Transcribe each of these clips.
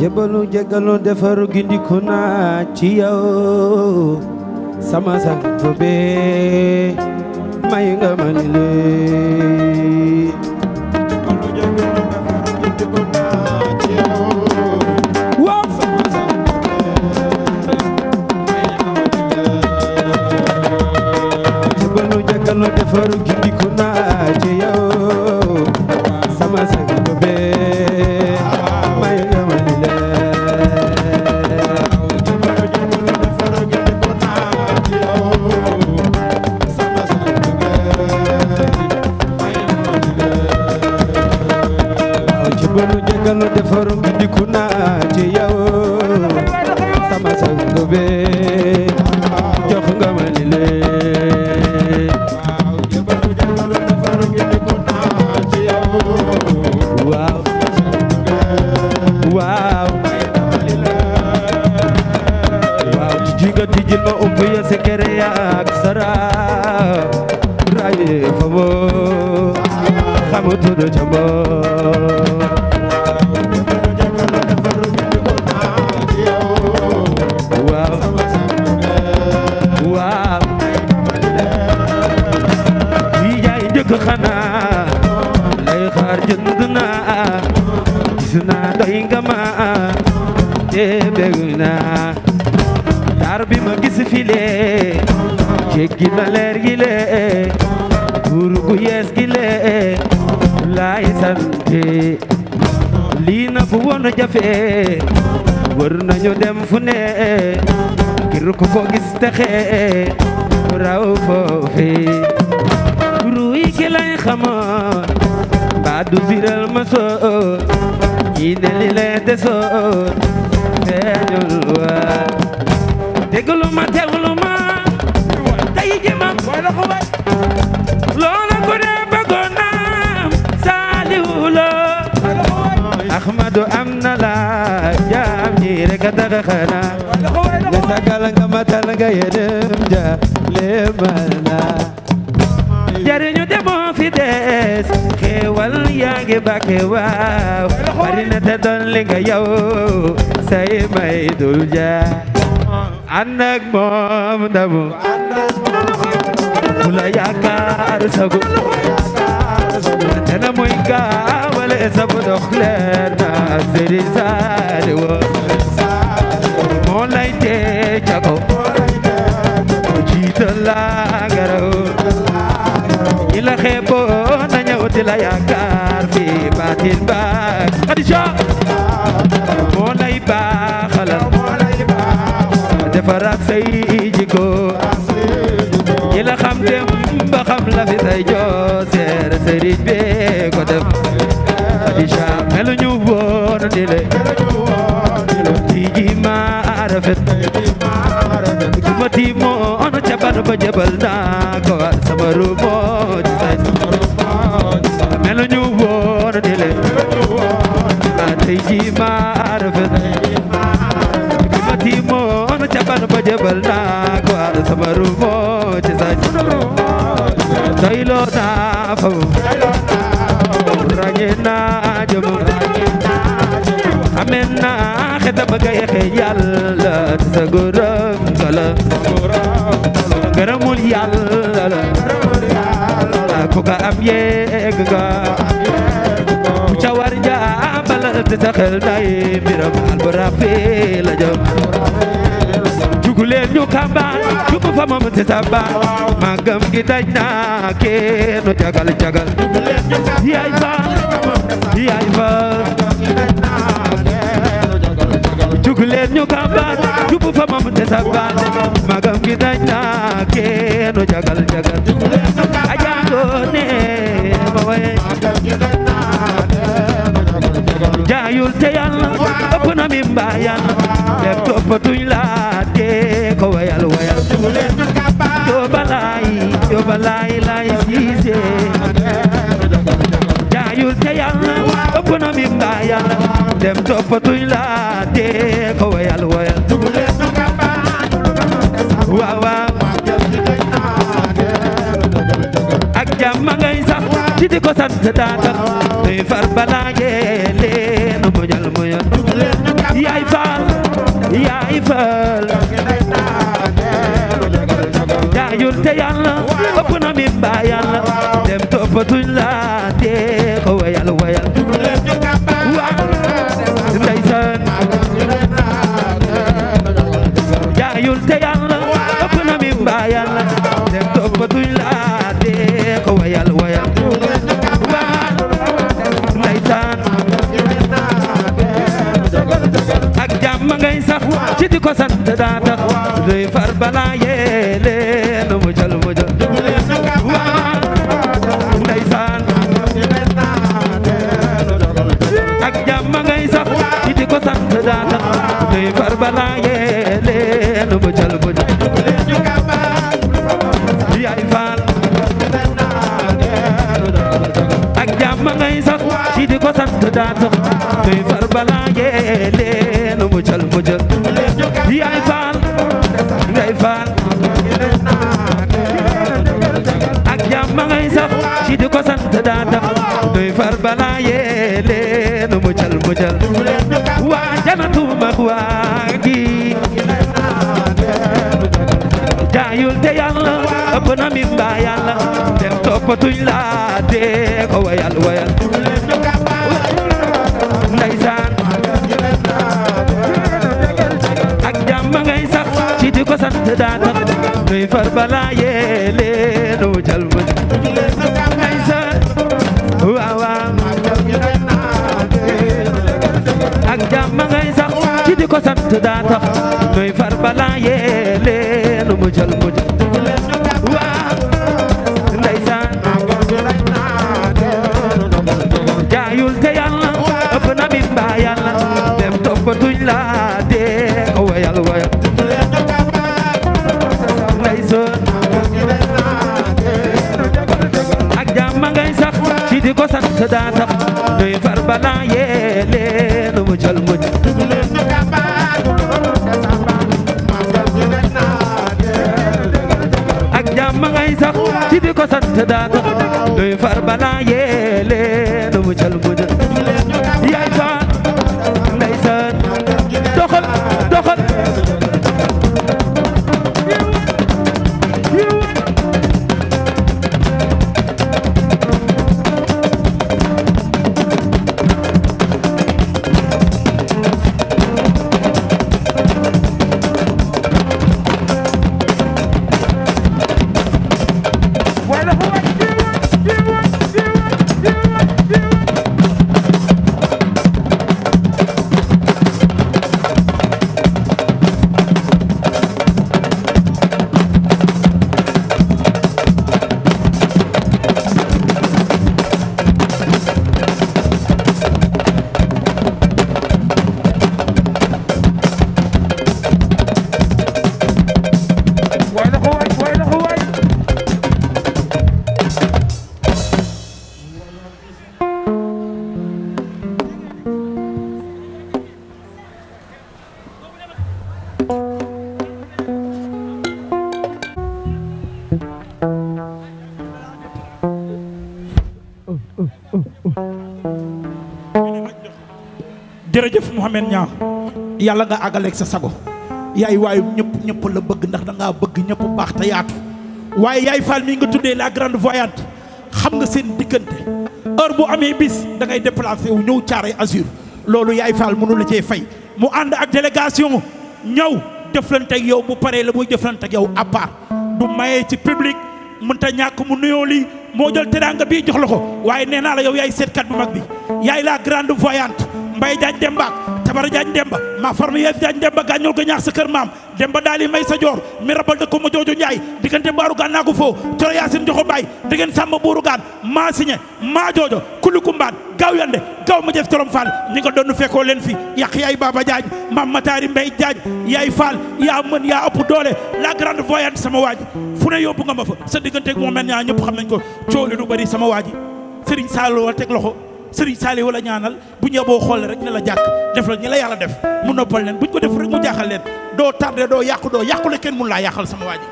jébalu jégalu defaru gindiku naa ci yow sama sang boobee may nga ma ni naa gi ma leer gi lee buur gu yees gi lee laay sante lii na bu woon jafe wër nañu dem fu ne ngir ku ko gis texe raw foofe ruuy gi lay xamoon mbaa du siral ma soo ñii ne li lee desoon feeñul waa déglu ma teew du am na la jaam ñi rek a tax a xanaa nga sagal nga matal nga yéenem ja leemal na jariñu te moo fi des xéewal yaa ngi bàkke waaw bari na te doon li nga yow say may dul ja ànd ak moom ndamu mu la yaakaar sagu سب دخلنا سري سالو مولاي تيجاكو جيت لاغرو إلا خيبو نانيو تلا يا كارفي باتل باك أدي شاك ko jëbal naa ko sama ruumoo ci sañ meluñu woon di leen naa tey jii maa rafet ki ma tiimoon a ban ba jëbal naa ko sama ruumoo ci sañ doyloo naa fa ràññee naa jëmam ameen naa xetam ga yexe yàlla te sa góor ngërëmul yàlla la ngërëmul yàlla la ku ko am yegg nga ku ca war jàmbal te sa xel day mbiram alburafi la jëm juguleen ñu kambaan jugu fa moom te sa baan màggam gi daj naa kenn jagal jagal yaay fa yaay fa leen ñu kàmbaat jubu fa mam te sabbaat magam gi dañ naa keenu jagal jagal a jaagoon nee ma waye jaayul te yàlla na mi mbaa yàlla def toppatuñ la te ko wayal wayal yóbba laay yóbba laay laay na mi mbaa yàlla dem toppatuñ la te ko wayal wayal waaw waaw ak jàmm ngay sax ci di ko sant daata nuy far balaa ngeen leen muñal muñal yaay faal yaay faal jaayul te yàlla ëpp na mi mbaa yàlla di ko sant daa tax luy far balaa yee leen mujjal mujjal ndeysaan ak jàmm ngay sax di ko sant daa tax luy far balaa yee leen mujjal mujjal yaay faal ak jàmm ngay sax di ko sant daa tax ki di ko sant daa tax doy far balaa yee leen mucal mucal waa janatu max waa gi jaayul te a ëpp na mi mbaa yàlla dem toppatuñ laa dee ko wayal wayal ndeysaan ak jàmm ngay ci di ko sant daa tax doy far balaa yee leen sant nuy far balaa yee leenu mu jël mu jël waaw ndeysaan jaayul te yàlla ëpp na mi mbaa yàlla dem toppatuñ la dee ko wayal wayal ndeysaan ak jàmm ngay sax ci di ko sant daa nuy far balaa ko sant daa ko duy far balaa yee jërëjëf Mouhamed ñaa yàlla nga àggaleeg sa sago yaay waayu ñëpp ñëpp la bëgg ndax da ngaa bëgg ñëpp baax te yaatu waaye yaay Fall mi nga tuddee la grande voyante xam nga seen diggante heure bu amee bis dangay ngay wu ñëw caare azur loolu yaay Fall mënu la cee fay mu ànd ak délégation ñëw jëflante ak yow bu paree la muy jëflante ak yow à part du mayee ci public mënta ñàkk mu nuyoo lii moo jël teraanga bii jox la ko waaye nee naa la yow yaay seetkat bu mag bi yaay la grande voyante Mbaye Diagne Demba ak Tabara Diagne Demba maa farme yaay Diagne Demba gaañul ko ñaax sa kër maam dem ba daal di may sa joor mi rabal da ko ma joojo njaay diggante baaru gaan naa ko foo coro yaasin joxo baay diggante sàmba buuru gaan maa siñe maa joojo kulli kumbaan gaaw yande gaaw ma jëf corom fall ni nga doon fekkoo leen fi yàq yaay baaba jaaj maam mataari mbay jaaj yaay fall yaa mën yaa ëpp doole la grande voyante sama waaji fu ne yóbbu nga ma fa sa diggante ak moom mel ñaa ñëpp xam nañ ko coow li du bari sama waa waaji sëriñ Saliou teg loxo sëriñ saali wala ñaanal bu ñu boo xool rek ne la jàkk def la ñi la yàlla def mu noppal leen buñ ko def rek mu jaaxal leen doo tardé doo yàqu doo yàqule kenn mun laa yàqal sama waa ji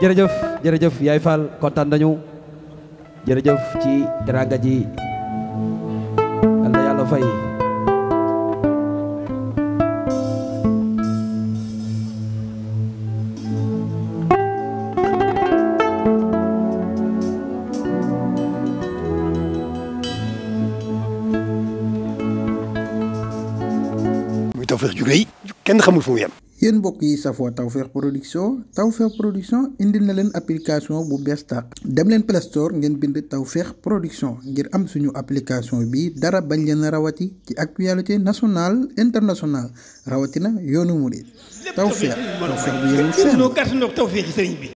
jërëjëf jërëjëf yaay Fall kontaan nañu jërëjëf ci teraanga ji yàlla yàlla fay Tawfekh ju rëy kenn xamul fu mu yem. yéen yi safoo Tawfekh production indi na leen application bu bees tàq dem leen Play Store ngeen bind Tawfekh production ngir am suñu application bi dara bañ leen rawati ci actualité nationale internationale rawatina yoonu mu de Tawfekh Tawfekh bu yéen seen.